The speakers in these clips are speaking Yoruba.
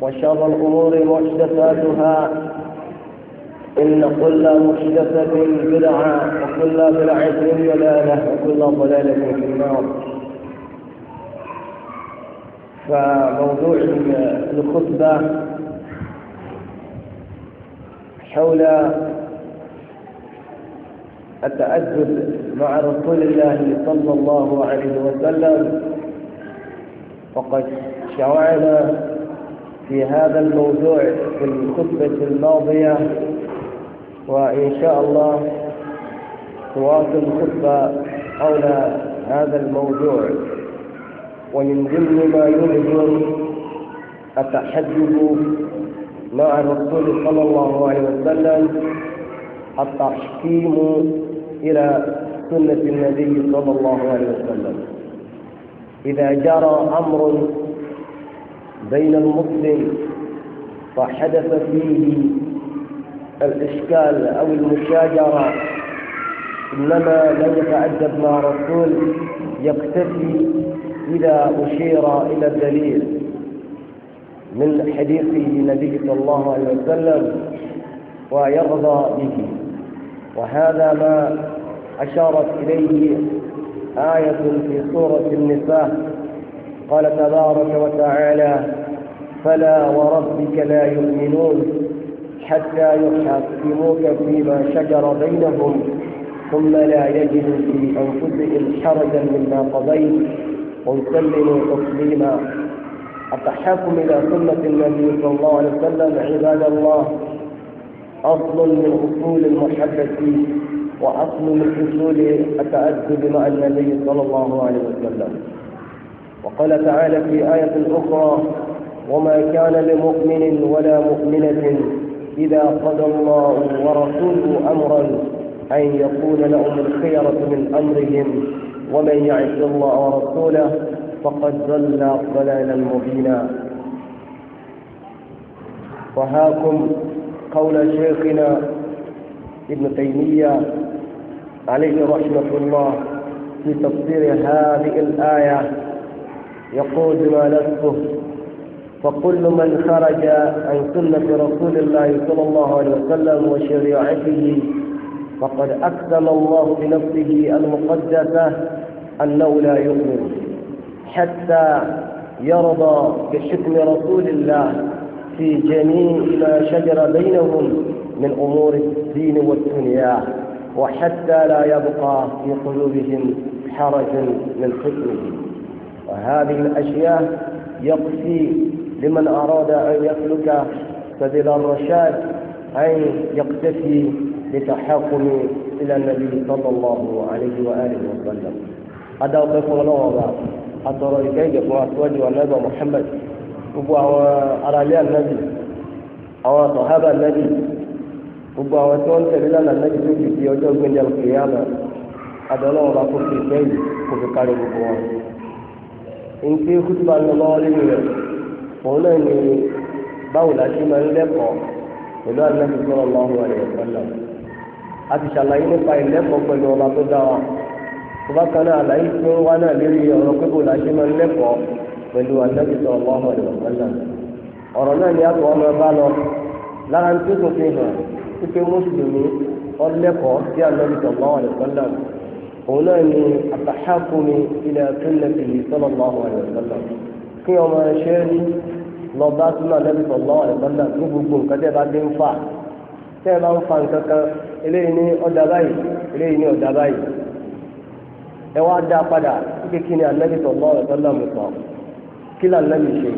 وشر الأمور محدثاتها إن كل محدثة بدعة وكل بدعة ضلالة وكل ضلالة في النار فموضوع الخطبة حول التأدب مع رسول الله صلى الله عليه وسلم وقد شرعنا في هذا الموضوع في الخطبة الماضية وإن شاء الله تواصل الخطبة حول هذا الموضوع ومن ضمن ما يلزم التحجب مع الرسول صلى الله عليه وسلم التحكيم إلى سنة النبي صلى الله عليه وسلم إذا جرى أمر بين المسلم فحدث فيه الإشكال أو المشاجرة إنما لا يتعجب مع رسول يقتفي إذا أشير إلى الدليل من حديث النبي صلى الله عليه وسلم ويرضى به وهذا ما أشارت إليه آية في سورة النساء قال تبارك وتعالى فلا وربك لا يؤمنون حتى يحكموك فيما شجر بينهم ثم لا يجدوا في أنفسهم حرجا مما قضيت ويسلموا تسليما التحاكم إلى سنة النبي صلى الله عليه وسلم عباد الله أصل من أصول المحبة وأصل من أصول التأدب مع النبي صلى الله عليه وسلم وقال تعالى في آية أخرى وما كان لمؤمن ولا مؤمنة إذا قضى الله ورسوله أمرا أن يكون لهم الخيرة من أمرهم ومن يعص الله ورسوله فقد ضل ضلالا مبينا وهاكم قول شيخنا ابن تيمية عليه رحمة الله في تفسير هذه الآية يقود ما لفه فكل من خرج عن سنة رسول الله صلى الله عليه وسلم وشريعته فقد أقسم الله بنفسه المقدسة أنه لا يؤمن حتى يرضى بشكل رسول الله في جميع ما شجر بينهم من أمور الدين والدنيا وحتى لا يبقى في قلوبهم حرج من حكمه وهذه الأشياء يقصي لمن أراد أن يخلق سبيل الرشاد أن يقتفي لتحاكم إلى النبي صلى الله عليه وآله وسلم هذا وقف الله أترى الجيجة وأسواج والنبي محمد أبو أرالي النبي أو صحابة النبي أبو àwọn tí النبي في يوجد من القيامة tó الله di ọjọ́ gbẹ̀ndẹ̀ الله nti kutuba lọ́wọ́ lórí rẹ̀ òun náà ni báwo la ṣe máa ń lẹ́kọ̀ọ́ pẹ̀lú àdínàbí sọ̀rọ̀ lọ́wọ́ rẹ̀ pẹ̀lú a ti ṣàlàyé nípa ìlẹ́kọ̀ọ́ pẹ̀lú ọba tó dá wa tó bá kan náà àlàyé tó ń wá náà ọ̀rọ̀ pé bó la ṣe máa ń lẹ́kọ̀ọ́ pẹ̀lú àdínàbí sọ̀rọ̀ lọ́wọ́ rẹ̀ pẹ̀lú ọ̀rọ̀ náà ni a ọmọ bá lọ lára tó tó fi hàn هنا من التحاكم إلى سنته صلى الله عليه وسلم في يوم شيري lọba súnmọ́ ànábì sọ̀lọ́ ẹ̀gbọ́nà ní gbogbo nǹkan tẹ́ bá dé ń fà tẹ́ ẹ bá ń fa nǹkan kan eléyìí ní ọ̀dà báyìí eléyìí ní ọ̀dà báyìí ẹ wá dá padà kíkẹ́ kí ni ànábì sọ̀lọ́ ẹ̀gbọ́nà mi sọ kí ni ànábì ṣe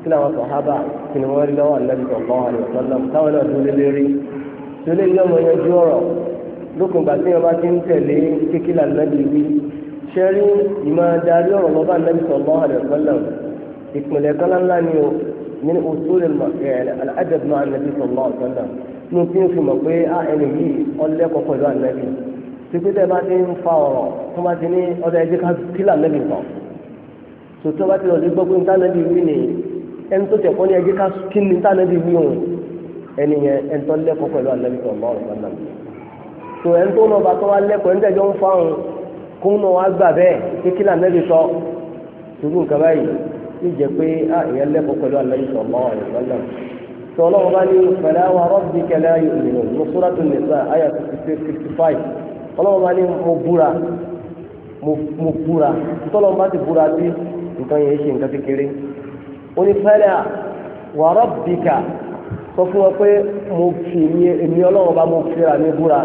kí ni àwọn sọ̀hábà kí ni wọ́n rí lọ́wọ́ ànábì sọ̀lọ́ ẹ̀gbọ́nà lókun gbà tí wọn bá ti ń tẹ̀lé kékeré ànábì wí ṣẹ́rí ìmọ̀ darí ọ̀rọ̀ lọ́ba ànábì sallallahu alaihi wasallam ìpìlẹ̀ kan ńlá ni o ní usul al-adab ma'a ànábì sallallahu ní tí ń fi mọ̀ pé a ah, ẹni yìí bá ti ń fa ọ̀rọ̀ tó bá ti ní ọdọ kan bá ti lọ sí wí ni ẹni tó tẹ̀kọ́ ní wí òun ẹni yẹn tó ẹ̀ tó lọ́ba tó wá lẹ́kọ̀ọ́ ń kún náà sọ nǹkan báyìí pé a ìyẹn lẹ́kọ̀ọ́ pẹ̀lú alẹ́ sallallahu alaihi wasallam tó ọlọ́run bá ní fala wa rabbika la yu'minun ní Suratu Nisa àyà fifty five ọlọ́run bá ní mo búra mo búra tọ́lọ́run bá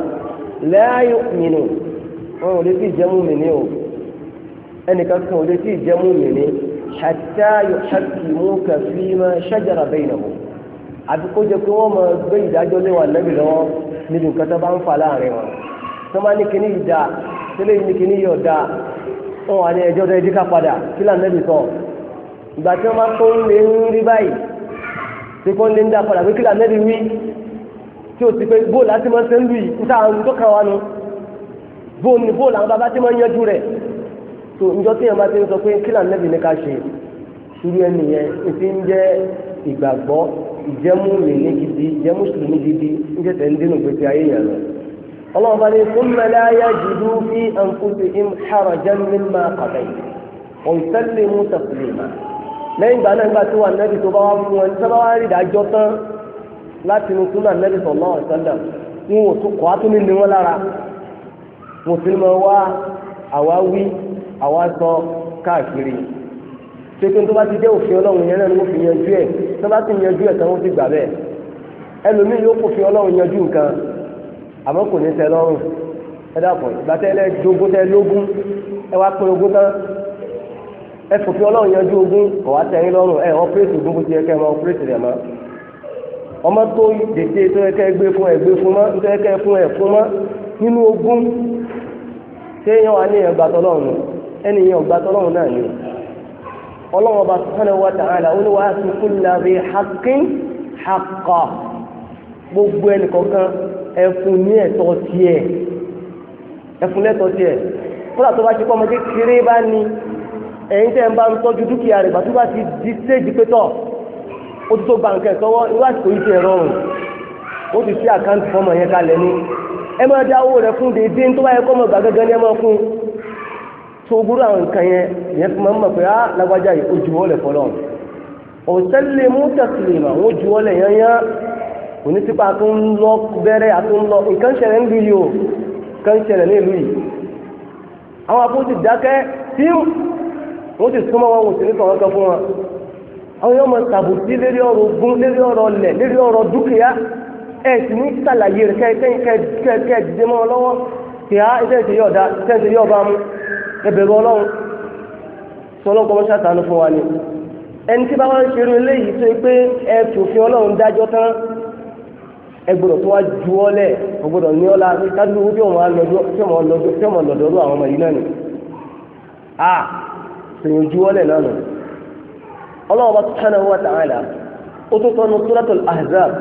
ti la yu'minun wọn ò lè tí ì jẹ́ mùmínì o ẹnìkan kan ò lè tí ì jẹ́ mùmínì hatta yuhakkimuka fima shajara bainahum àbí kó jẹ́ pé wọ́n máa gbé ìdájọ́ lé wa lẹ́bi lọ́wọ́ níbi nǹkan tó bá ń fa láàrin wọn tó máa ní kíní yìí dáa tẹ́lẹ̀ wọn wà ní ẹjọ́ tó yẹ ká padà kí là nẹ́bi sọ ìgbà tí wọ́n máa tó ń lé ń rí báyìí tí kò ń lé ń dá padà pé kí là nẹ́bi wí tí o ti pé bóòlù àti máa ń se ń lù yìí níta àwọn olùdó kan wà bóòlù ni bóòlù àwọn bàbá ti máa ń yanjú rẹ̀ tó njọ́ tí yẹn bá ti ń sọ pé kílà nẹ́bì ní ká ṣe irú ẹni yẹn ti ń ìgbàgbọ́ ìjẹ́mú ní gidi ìjẹ́mú sùn ní gidi ń jẹ́ tẹ̀ ń dénú gbèsè ayé yẹn lọ. ọlọ́run bá ní fún mẹ́lẹ́ ayé jùlọ àǹkóso im láti inú súnà nẹ́bí sọ̀lá ọ̀sẹ̀dà ní wọn tún kọ́ àtúnú ní wọn lára mùsùlùmí wa àwa wí àwa sọ káàkiri pépé tó bá ti dé òfin ọlọ́run yẹn náà ni wọ́n fi yanjú ẹ̀ tó bá ti yanjú ẹ̀ tán wọ́n ti gbà bẹ́ẹ̀ ẹlòmíì yóò kò fi ọlọ́run yanjú nǹkan àmọ́ kò ní tẹ́ lọ́rùn ẹ dàpọ̀ ìgbàtẹ́lẹ̀ dogun tẹ́ lógún ẹ wá pín ogún tán ẹ kò fi ọlọ́run yanjú ogún kọ̀ wá tẹ́yìn lọ́rùn ẹ ọ́pẹ́rẹ́tì ọmọ tó dèdè tó yẹ kẹ́ gbé fún ẹ gbé fún mọ́ tó yẹ kẹ́ fún ẹ fún mọ́ nínú ogún téèyàn wà ní ẹ̀gbà tọ́lọ́run ẹnìyàn ọ̀gbà tọ́lọ́run náà ni ọlọ́run ọba subhanahu wa ta'ala ó ní wàá fi kulli dhi haqqin haqqah gbogbo ẹnìkọ̀ọ̀kan ẹ̀fún ní ẹ̀tọ́ tiẹ̀ ẹ̀fún lẹ́tọ́ tiẹ̀ kódà tó bá ti kọ́ ọmọ kékeré bá ní ẹ̀yin tẹ́ ń bá ń tọ́jú dúkìá rẹ̀ bàtú bá ti di séèjì pé tọ̀ ó ti tó bàǹkẹ́ sọ́wọ́ irú àsìkò yìí ti ẹ̀rọ ọ̀rùn ó ti sí àkáǹtì fọ́mọ yẹn kalẹ̀ ní ẹ máa dá rẹ fún dédé tó bá yẹ kọ́ mọ̀ gbà ní ẹ fún tó àwọn nǹkan yẹn ìyẹn fi máa mọ̀ pé á ah, lágbájá yìí ó juwọ́ lẹ̀ fọlọ́ ọ̀sẹ́lẹ̀ mú wọ́n juwọ́ lẹ̀ yányá ní àwọn yóò máa tàbùtì lérí ọ̀rọ̀ ogún lérí ọ̀rọ̀ ọ̀lẹ̀ lérí ọ̀rọ̀ dúkìá ẹ̀ sì ní sàlàyé rẹ̀ kẹ́ẹ̀kẹ́ dìde mọ́ ọ lọ́wọ́ kí á iṣẹ́ ti yọ̀ dá iṣẹ́ ti yọ̀ bá mú ẹbẹ̀rù ọlọ́run tí ọlọ́run kọ́ ṣàtàánú fún wa ni ẹni tí bá wá ń ṣerú eléyìí tó pé ẹ tòfin ọlọ́run dájọ́ tán ẹ gbọ́dọ̀ tó wá ju ọ́ lẹ̀ ọ gbọ́dọ̀ ní ọ́la kájú bí ọmọ lọ́dọ̀ tí ọmọ lọ́dọ̀ tí ọmọ lọ́dọ̀ rú àwọn ọmọ yìí náà ni ọlọ́ọ̀bá subhanahu wa ta'ala ó tó tọ́nu suratul ahzab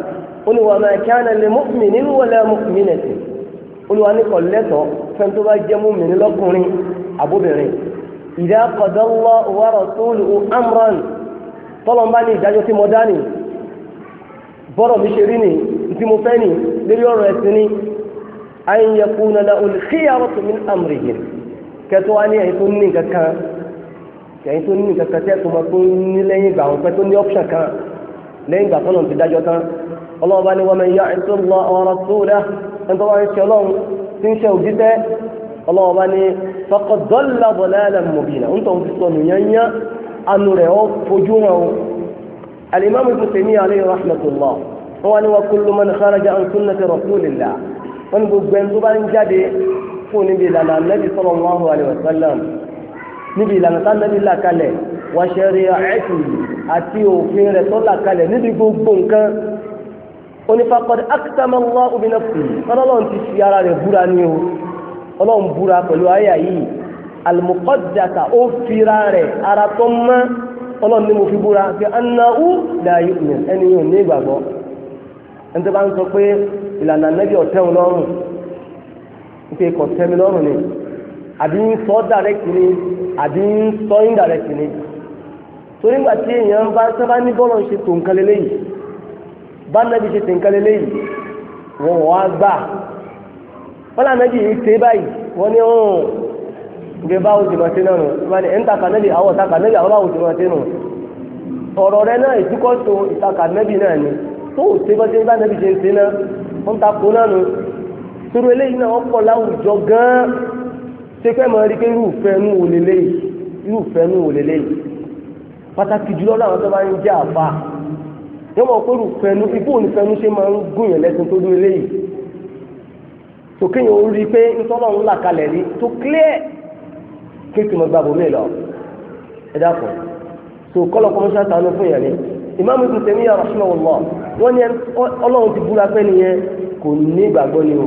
olùwà máa kí á nà lè mu'minin wala mu'minatin olùwà ní kọ̀lẹ́tọ̀ fẹ́ tó bá jẹ́ mu'minin lọ́kùnrin àbóbìnrin idha qadallahu wa rasuluhu amran tọ́lọ̀ ń bá ní ìdájọ́ tí mo dá ní mi ṣe rí mo fẹ́ ni lórí ọ̀rọ̀ ẹ̀sìn ni an yakuna khiyaratu min amrihim kẹtọ́ wá ní ẹ̀yin tó ní nǹkan kan tẹ́ tó mọ pé ní lẹ́yìn ìgbà àwọn pẹ́ tó ní option kan lẹ́yìn ìgbà tọ́nà ti dájọ́ tán ọlọ́run bá ní wọ́n mẹ́yà ètò lọ ọ̀rọ̀ tó dá ẹni tó bá ń ṣe ọlọ́run tí ń ṣe òjíṣẹ́ ọlọ́run bá ní faqad dalla dalalan mubina ń tọ́hún ti sọ nìyẹnyẹ anu rẹ̀ ó fojú hàn o alimami ibn Taymiyyah alayhi rahmatullah wọn wá ní wa kullu níbi ìlànà tánàbí là kalẹ̀ wa shari'ati àti òfin rẹ̀ tó là kalẹ̀ níbi gbogbo nǹkan onífàkọ́dé akitama Allahu bi nafsihi ọlọ́run ti fi ara rẹ̀ búra ní o ọlọ́run búra pẹ̀lú àyà yìí al-muqaddasa ó fira rẹ̀ ara tó mọ́ ọlọ́run ní mo fi búra pé annahu la yu'min ẹni yóò ní ìgbàgbọ́ ẹni tó bá ń sọ pé ìlànà nẹ́bí ọ̀tẹ́hùn àbí ń sọ direct ni àbí ń sọ indirect ni torí gbà tí èèyàn bá sábà ní ṣe tó nǹkan bá nàbí ṣe tó nǹkan wọ́n wá gbà wọ́n lànàbí yìí báyìí wọ́n ní ọ̀hún ti ma náà nù ìbáni ẹ̀ ń takà nẹ́bí àwọn takà àwọn báwo ti ma nù ọ̀rọ̀ rẹ náà ìdúkọ́ tó náà ni tó o ṣe bá bá nẹ́bí ṣe ń ṣe náà ó ń takò náà nù torí eléyìí náà wọ́n pọ̀ láwùjọ gan ṣe fẹ́ máa rí pé irúfẹ́ nù olele lélẹ́yìí irúfẹ́ nù wò lélẹ́yìí pàtàkì jùlọ láwọn tó bá ń jẹ́ àfa wọ́n mọ̀ pé irúfẹ́ nù ibú onífẹ́ ṣe máa ń gùn yàn lẹ́sìn tó dúró lẹ́yìí tó yẹn ó rí i pé ntọ́nà ń là kalẹ̀ rí tó clear kéèkì mọ̀ gbàgbọ́ mi lọ ẹ dàpọ̀ tó kọ́lọ̀ fún yẹn ni ìmáàmù ọlọ́run ti búra pẹ́ nìyẹn kò ni o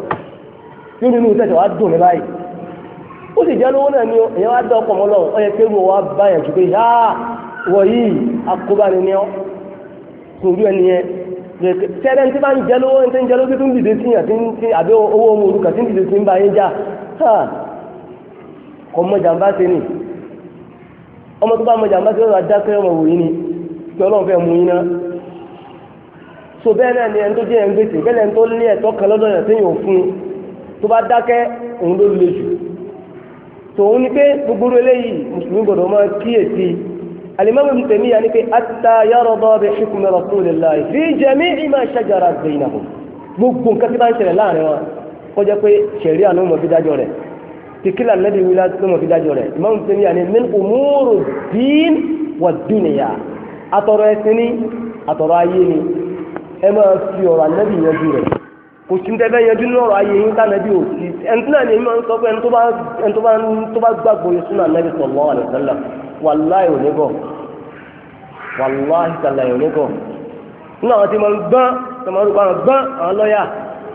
nínú inú tẹ̀sẹ̀ wa dùn ní báyìí ó sì jẹ́ lówó náà ni èèyàn wá dá ọkọ̀ mọ́ lọ́wọ́ ọyẹ pé wọ́n wá bá yẹn jù pé yá wọ̀ yìí akóbáni ni ọ́ sòrú ẹni yẹn tẹ́lẹ̀ tí bá ń jẹ́ lówó ẹni tí ń jẹ́ lówó tó ń dìde sí yàn tí àbí owó ohun olùkà tí ń dìde sí ń bá yín já kọ́ mọ́ jàǹbá ṣe ni ọmọ tó bá mọ́ jàǹbá ni kí so bẹ́ẹ̀ náà ni ẹni tó jẹ́ ẹni gbèsè bẹ́ẹ̀ ni ẹni tó lé ẹ̀tọ́ kan lọ́dọ̀ yàn téèyàn fún tó bá dákẹ́ òun ló le jù tòun ni pé gbogbo eléyìí mùsùlùmí gbọdọ̀ máa kíyèsí alimami ibn taymiya ni pé ata yarọdọ bi hukmi rasulillahi fi jami'i ma shajara bainahum gbogbo nǹkan tí bá ń ṣẹlẹ̀ láàrin wọn kọjá pé ṣẹ̀rí àná mọ̀ fi dájọ́ rẹ̀ tìkílà lẹ́bi wíwá ló mọ̀ fi dájọ́ rẹ̀ imam ibn taymiya ni min umuru dín wà dúnìyà atọ̀rọ̀ ẹ̀sìn ni atọ̀rọ̀ ayé ni ẹ máa fi ọ̀rọ̀ ànábì yanjú rẹ̀ kò sí tẹ́fẹ́ yanjú ní ọ̀rọ̀ ayé yín tánàbí ò sí ẹni náà ni mo ń sọ pé ẹni tó bá ẹni tó bá tó bá gbàgbọ́ yẹn súnà nàbí sallallahu alaihi wasallam wàláì onígọ̀ wàláì sàlà onígọ̀ nínú àwọn tí mo ń gbọ́n tó máa ń gbọ́n gbọ́n àwọn lọ́ọ̀yà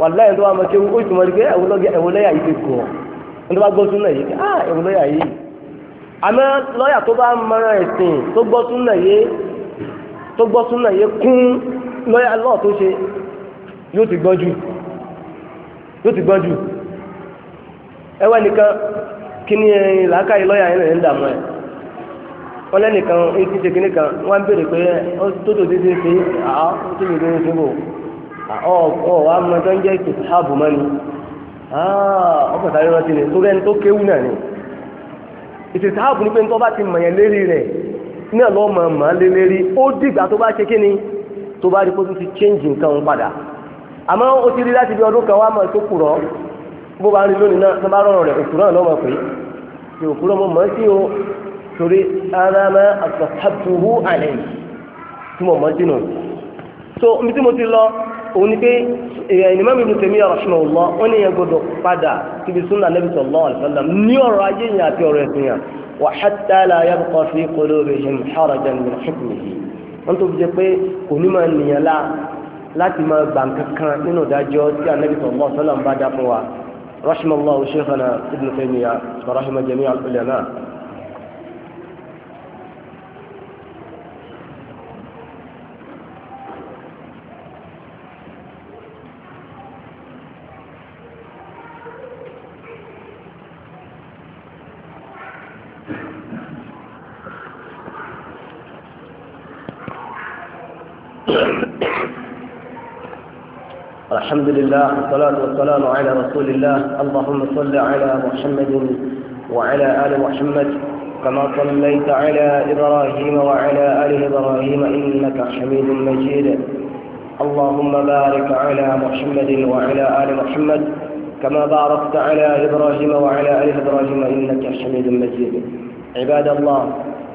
wàláì tó bá mọ̀ ṣe ó sì mọ̀ pé ẹ̀wọ̀ lọ́ọ̀yà yìí ti gọ̀ ẹni bá gbọ́ súnà yìí ah yìí àmọ́ lọ́ọ̀yà tó bá mọ ẹ̀sìn tó gbọ́ súnà yìí tó gbọ́ súnà yìí kún lọ́ọ̀yà lọ́ọ̀ tó ṣe yóò ti gbọ́ jù yóò ti gbọ́n jù ẹwẹ́ nìkan kí ni eh, làákà yìí lọ́ọ̀yà yẹn ń dààmú ẹ̀ wọ́n lẹ́nìkan ti eh, ṣe kínní kan wọ́n á béèrè pé eh, tó tó ti ṣe ṣe àá tó ti ṣe ṣe bò ọ̀ wá mọ tó ń jẹ́ ìpèsè ààbò mọ́ ni ọkọ̀ sáré rántí ni tó rẹ́ni tó kéwú náà ni ààbò ni pé ti lérí rẹ̀ náà lọ́ọ́ mọ̀ mọ́ lé lérí ó dìgbà tó bá ṣe àmọ́ ó ti rí láti bí ọdún kan wá mọ̀ tó kùrọ̀ bó bá ń rí lónìí náà tó bá rọrùn rẹ̀ òkúrọ̀ náà mọ̀ pé ní òkúrọ̀ mo mọ̀ sí o torí ara máa àtàkùrú àlẹ́ tí mo mọ̀ sínú. so omi tí mo ti lọ òun ni pé èèyàn ìmọ̀ mi lùtẹ̀ mí ọ̀rọ̀ ṣùnà ọ̀lọ́ ó ní yẹn gbọdọ̀ padà síbi súnà Nabi sallallahu alaihi wasallam ní ọ̀rọ̀ ayé yẹn àti ọ̀rọ̀ ẹ̀sìn yẹn wa hatta la yabqa fi qulubihim harajan min hukmihi wọ́n tó fi jẹ́ pé kò ní máa nìyàn láà láti máa gbà kankan nínú ìdájọ́ tí anabi sallallahu alaihi wasallam ń bá dá fún wa rahimahullah shaykhana ibn taymiya wa rahimah jami'al ulama. الحمد لله والصلاة والسلام على رسول الله اللهم صل على محمد وعلى آل محمد كما صليت على إبراهيم وعلى آل إبراهيم إنك حميد مجيد اللهم بارك على محمد وعلى آل محمد كما باركت على إبراهيم وعلى آل إبراهيم إنك حميد مجيد عباد الله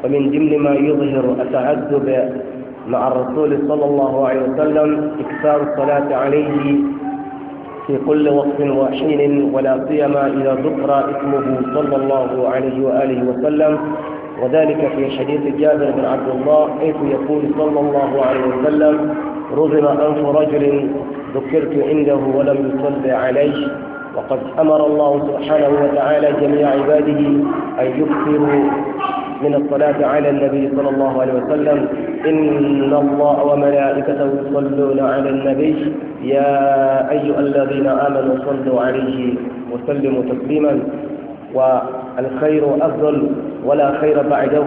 ومن ضمن ما يظهر التعذب مع الرسول صلى الله عليه وسلم إكثار الصلاة عليه في كل وقت وحين ولا سيما إذا ذكر اسمه صلى الله عليه وآله وسلم وذلك في حديث جابر بن عبد الله حيث يقول صلى الله عليه وسلم رزم أنف رجل ذكرت عنده ولم يصل عليه وقد أمر الله سبحانه وتعالى جميع عباده أن يكثروا من الصلاة على النبي صلى الله عليه وسلم إن الله وملائكته يصلون على النبي يا أيها الذين آمنوا صلوا عليه وسلموا تسليما والخير أفضل ولا خير بعده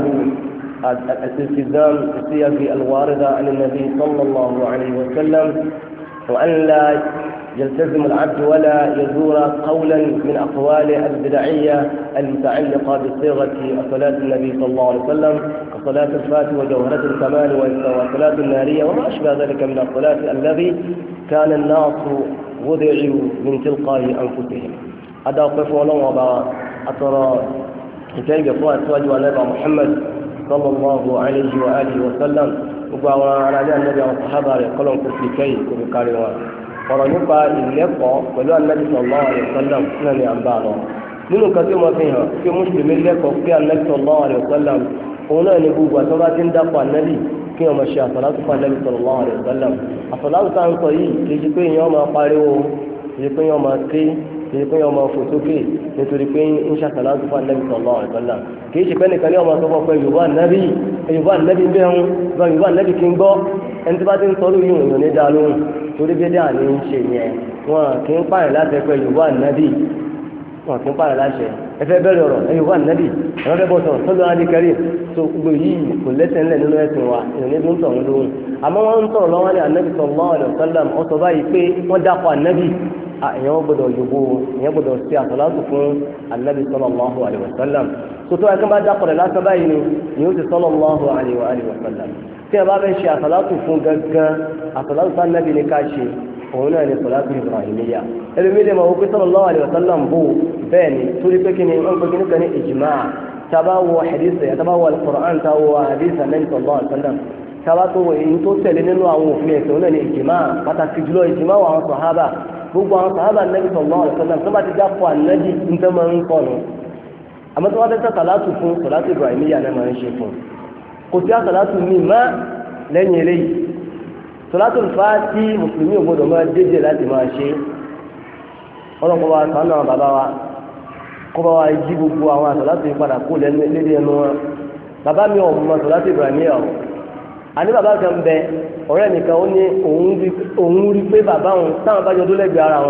الالتزام بالسياق الواردة عن النبي صلى الله عليه وسلم وأن لا يلتزم العبد ولا يزور قولا من أقواله البدعية المتعلقة بصيغة صلاة النبي صلى الله عليه وسلم كصلاة الفاتح وجوهرة الكمال والصلاة النارية وما أشبه ذلك من الصلاة الذي كان الناس وضعوا من تلقاء أنفسهم هذا قف ولو أبا أترى كتاب يقوى أسواج ونبع محمد صلى الله عليه وآله وسلم وقال على النبي والصحابة يقولون كفر كي كفر ọ̀rọ̀ nípa ìlẹ́kọ̀ọ́ pẹ̀lú Ànábì sallallahu alaihi wasallam náà ni à ń bá lọ. nínú kan tí mo fi hàn pé mùsùlùmí lẹ́kọ̀ọ́ pé Ànábì sallallahu alaihi wasallam òun náà ni gbogbo àtọ́lá ti ń dápọ̀ Ànábì kí wọ́n máa ṣe àsàlátù fún Ànábì sallallahu alaihi wasallam. tá à ń sọ yìí kì í ṣe pé èèyàn máa pariwo kì í ṣe pé èèyàn máa ké kì í ṣe pé èèyàn máa fò sókè nítorí pé ń ṣe àsàlátù fún Ànábì sallallahu alaihi kì í ṣe pé nìkan ní ọmọ sọ pé yorùbá Ànábì yorùbá Ànábì bẹ́ẹ̀ torí bí dáhà ní ń ṣe yẹn wọn kì í pààyàn láti ẹgbẹ́ yorùbá nàbì wọn kì í pààyàn láṣẹ ẹfẹ bẹ̀rẹ̀ ọ̀rọ̀ ẹ yorùbá nàbì ẹ̀rọ bẹ́ẹ̀ bọ̀ sọ̀rọ̀ sọ́dọ̀ adé kẹrì tó gbogbo yìí kò lẹ́sẹ̀ ńlẹ̀ nínú ẹ̀sìn wa ìrìn ní tọ̀hún lóhùn àmọ́ wọ́n ń tọ̀rọ̀ lọ́wọ́ ní anabi sallallahu alaihi wasallam ó sọ báyìí pé wọ́n dákọ̀ anabi èèyàn gbọ́dọ̀ yògbó èèyàn gbọ́dọ̀ ṣe àtọ̀láṣù fún anabi sallallahu alaihi wasallam tó tó ẹgbẹ́ bá dákọ̀ rẹ̀ lásán báyìí ni yóò ti sallallahu alaihi wasallam tí a bá fẹ́ ṣe àsàlátù fún gangan àsàlátù tá nàbì ní ká ṣe òun náà ni sọ̀látù ibrahimiya ẹlòmídé ma wọ́n pé sallallahu alaihi wasallam bò bẹ́ẹ̀ ni torí pé kí ni wọ́n pè kíní kan ní ìjìmá tábà wọ hadisi tábà wọ alukur'an tá wọ hadisi anabi sallallahu alaihi wasallam tábà tó wọ èyí tó tẹ̀lé nínú àwọn òfin ẹ̀sìn òun náà ni ìjìmá pàtàkì jùlọ ìjìmá wà àwọn sọ̀hábà gbogbo àwọn sọ̀hábà kò salatu àsàlátù mi má lẹ́yìn eléyìí sọlátù fa tí mùsùlùmí ògbọ́dọ̀ máa dédé láti ma ṣe ọlọ́pàá wa sàn náà bàbá wa kó wa gbogbo àwọn àsàlátù yìí padà kó lẹ́nu ẹnu wọn bàbá mi ò mọ sọlátù Ibrahimiyya ọ àní bàbá kan bẹ ọ̀rẹ́ nìkan ó ní òun rí pé bàbá òun táwọn bá jọ ara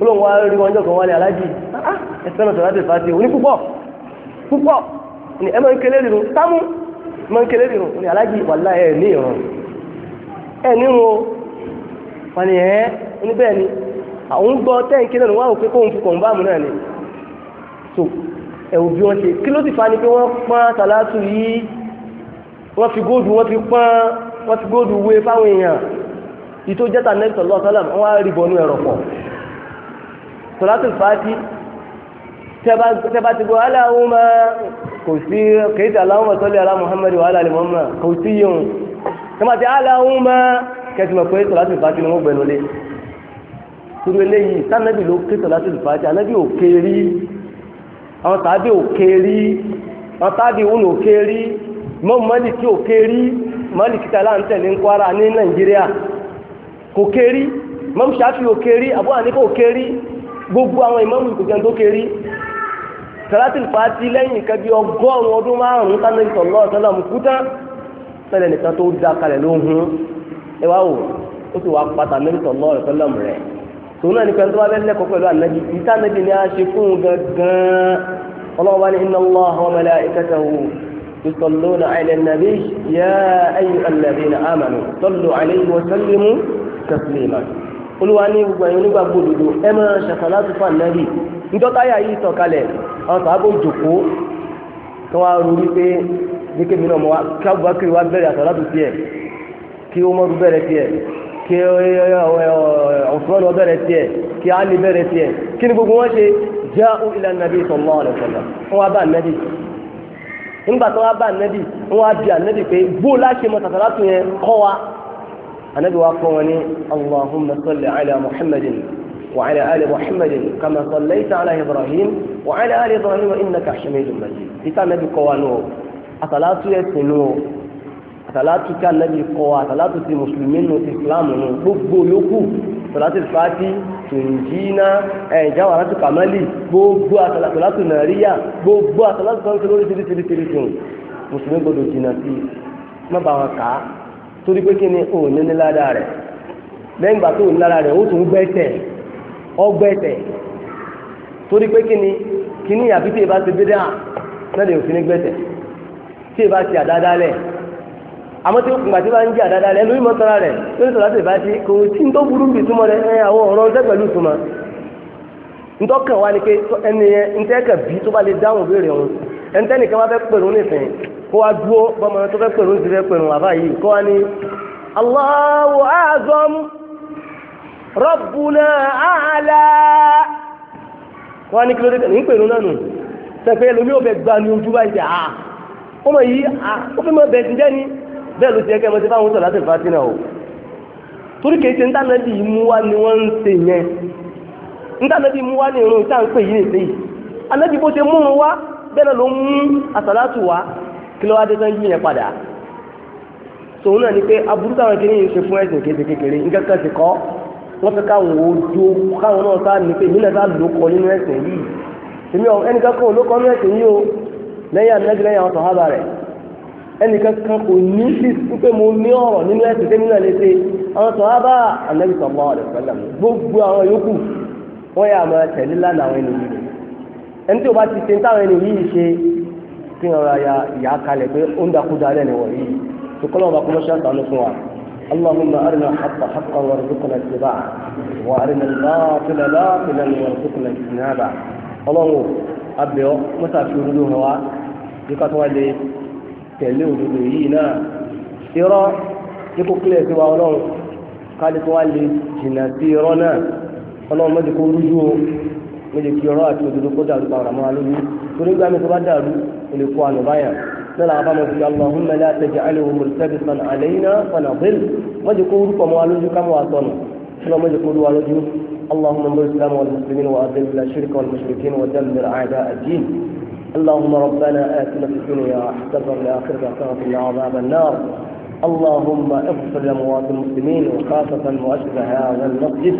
olóhùn wa rí wọn jọ̀kan wálé alájì ah, ẹ fẹ́ràn sọ̀rọ̀ láti fàájì òní púpọ̀ púpọ̀ ni ẹ máa ń kélé rírun sámú máa ń kélé rírun ni alájì wàlá ẹ ní ìrun ẹ nírun o wọn ni ẹ ní bẹ́ẹ̀ ni àwọn gbọ́ tẹ́ǹkì náà wọn ò pé kóhun fún kọ̀ọ̀bá mu náà ni so ẹ̀wù bí wọ́n ṣe kí ló ti fa ni pé wọ́n pọ́n sàlátù yìí wọ́n fi góòdù wọ́n fi pọ́n wọ́n fi góòdù wé fáwọn èèyàn ìtó nẹ́tọ̀ lọ́sọ́lá wọ́n á rí bọnú ẹ̀rọ̀ pọ̀ sọlátù fàájì tẹ́bá ti gbọ́ aláwọ̀mọ́ kò sí kéèta aláwọ̀mọ́ sọ́lẹ̀ alá muhammadu wàhálà lè mọ́mọ́ kò sí yíò tẹ́bá ti aláwọ̀mọ́ kẹsìmọ̀ pé sọlátù fàájì ni wọ́n gbẹ̀nu lé torí eléyìí sanabi ló ké sọlátù fàájì anabi ò ké rí àwọn tàbí ò ké rí àwọn tàbí òun ò ké rí mọ́ mọ́lìkì ò ké rí mọ́lìkì tàlá ń gbogbo àwọn ìmáàmù ìkòkè tó kéré sàlátì fàátì lẹ́yìn nǹkan bíi ọgọ́rùn-ún ọdún márùn-ún sanabi sọ̀rọ̀ sọ́lá mú kúta sẹ́lẹ̀ nìkan tó da kalẹ̀ ló ń hun ẹ wá wò ó sì wá pata nẹ́bí sọ̀rọ̀ sọ́lá rẹ̀ tòun náà nìkan tó wá bẹ́ẹ̀ lẹ́kọ̀ọ́ pẹ̀lú ànábi ìta ni a ṣe fún gangan ọlọ́wọ́ bá ní يصلون على النبي يا أيها الذين آمنوا صلوا عليه وسلموا تسليما olúwa ní gbogbo ẹ̀yin onígbàgbọ́ òdodo ẹ máa ṣàṣàlá tó fún ànábì nítorí yìí sọ̀kalẹ̀ àwọn sàábò jòkó tó wá rú wípé wípé mi náà mọ wá wá bẹ̀rẹ̀ àṣàlá tó tiẹ̀ kí Umaru bẹ̀rẹ̀ tiẹ̀ kí Usman wá bẹ̀rẹ̀ tiẹ̀ kí bẹ̀rẹ̀ tiẹ̀ kí ni gbogbo ṣe nàbí anabi wa kọ́ wọn ní allahumma salli ala muhammadin wa ala ali muhammadin kama sallaita ala ibrahim wa ala ali ibrahim innaka hamidun majid ita anabi kọ́ wa nù asalatu ẹsìn nù asalatu ká anabi kọ́ wa asalatu ti mùsùlùmí nù islam nù gbogbo yòókù salatu fati tunjina ẹ̀jáwà láti kàmálì gbogbo àtàlátò nàíríyà gbogbo àtàlátò kan tí lórí tìrìtìrìtìrì tún mùsùlùmí gbọdọ̀ jìnà sí mọ́bà wọn kàá torí pé kí ni ò ní ní ládà rẹ̀ lẹ́yìn ìgbà tó ní ládà rẹ̀ ó tún gbẹ́tẹ̀ ọgbẹ́tẹ̀ torí pé kí ni kí ni àbí tí ti bí dáa náà lè òfin gbẹ́tẹ̀ tí ti àdáadáa lẹ̀ àmọ́ tí ìgbà tí bá ń jẹ́ àdáadáa lẹ̀ lórí rẹ̀ lórí sọ̀rọ̀ ti kò tí ń tó burú bì túmọ̀ rẹ̀ ẹ àwọn ọ̀rọ̀ ẹnitẹ́ni kan wá fẹ́ pèrún nìsín kó wá dúró bọ́mọ tó fẹ́ pèrún ti fẹ́ pèrún àbá yìí kó wá ní Allahu a'la ko wa ní kílódé ní pèrún náà nù sẹ́pẹ́ ẹlòmí ò fẹ́ gba ní ojú báyìí dẹ̀ ah ó mọ̀ yìí ah ó ni ló ti sí fáwọn fàtí o torí kìí ṣe ntànàbí yìí mú wa ni ń yẹn mú ni irun tá à bẹ́ẹ̀ ló mú àsàlátù wá kí ló wá dé tán yíyan padà tòun náà ni pé aburú táwọn kiri yìí ṣe fún ẹ̀sìn kéde kékeré nǹkan kan sì kọ́ wọ́n fẹ́ káwọn ojú káwọn náà sá ní pé ìmílẹ̀ sá ló kọ nínú ẹ̀sìn yìí èmi ọ̀ ẹnìkan kan ló kọ́ nínú ẹ̀sìn yìí o lẹ́yìn ànájú lẹ́yìn àwọn sàhábà rẹ̀ ẹnìkan kan kò ní sí pé mo ní ọ̀rọ̀ nínú ẹ̀sìn tẹ́mi náà lè ṣe àwọn sàhábà ànájú sọ̀mọ́ ẹni tí o bá ti ṣe táwọn ẹni yìí ṣe fi hàn ra ya ìyá kalẹ̀ pé ó ń dakúdà rẹ̀ nìwọ̀n yìí tó kọ́ lọ́wọ́ bá kọ́ lọ́sẹ̀ àtàwọn fún wa اللهم أرنا الحق حقا وارزقنا اتباعه وأرنا الباطل باطلا وارزقنا اجتنابه ọlọ́run abẹ́ọ́ mọ́ta fi orúdó hàn wá nípa tó wá lè tẹ̀lé òdodo yìí náà irọ́ kíkó kílẹ̀ sí wa ọlọ́run káàdì tó wá lè jìnnà sí irọ́ náà ọlọ́run mọ́ta kó rújú o ó lè fi ọ̀rọ̀ àti òdodo kó dàrú pàrọ̀ mọ́ alóyún torí gbà mí tó bá dàrú ó lè kó àná báyà sọ́la àbámọ̀ fi allahumma la taj'alhu multabisan alayna fanadil mọ́jẹ́ kó orúkọ mọ́ alóyún ká mọ́ àtọ́nù sọ́la mọ́jẹ́ kó orúkọ alóyún اللهم انصر الاسلام والمسلمين واذل الشرك والمشركين ودمر اعداء الدين اللهم ربنا اتنا في الدنيا حسنه والاخره حسنه عذاب النار اللهم اغفر لموات المسلمين وخاصه مؤسس هذا المسجد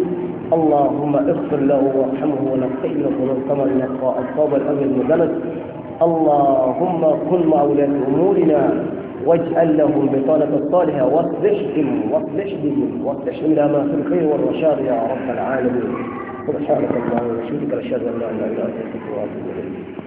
اللهم اغفر له وارحمه ونقيه له كما ينقى الثوب الابيض من الدنس اللهم كن مع ولاة امورنا واجعل لهم بطانة الصالحة واصلحهم واصلحهم واصلحهم إلى ما في الخير والرشاد يا رب العالمين سبحانك اللهم وبحمدك أشهد أن لا إله إلا أنت أستغفرك وأتوب إليك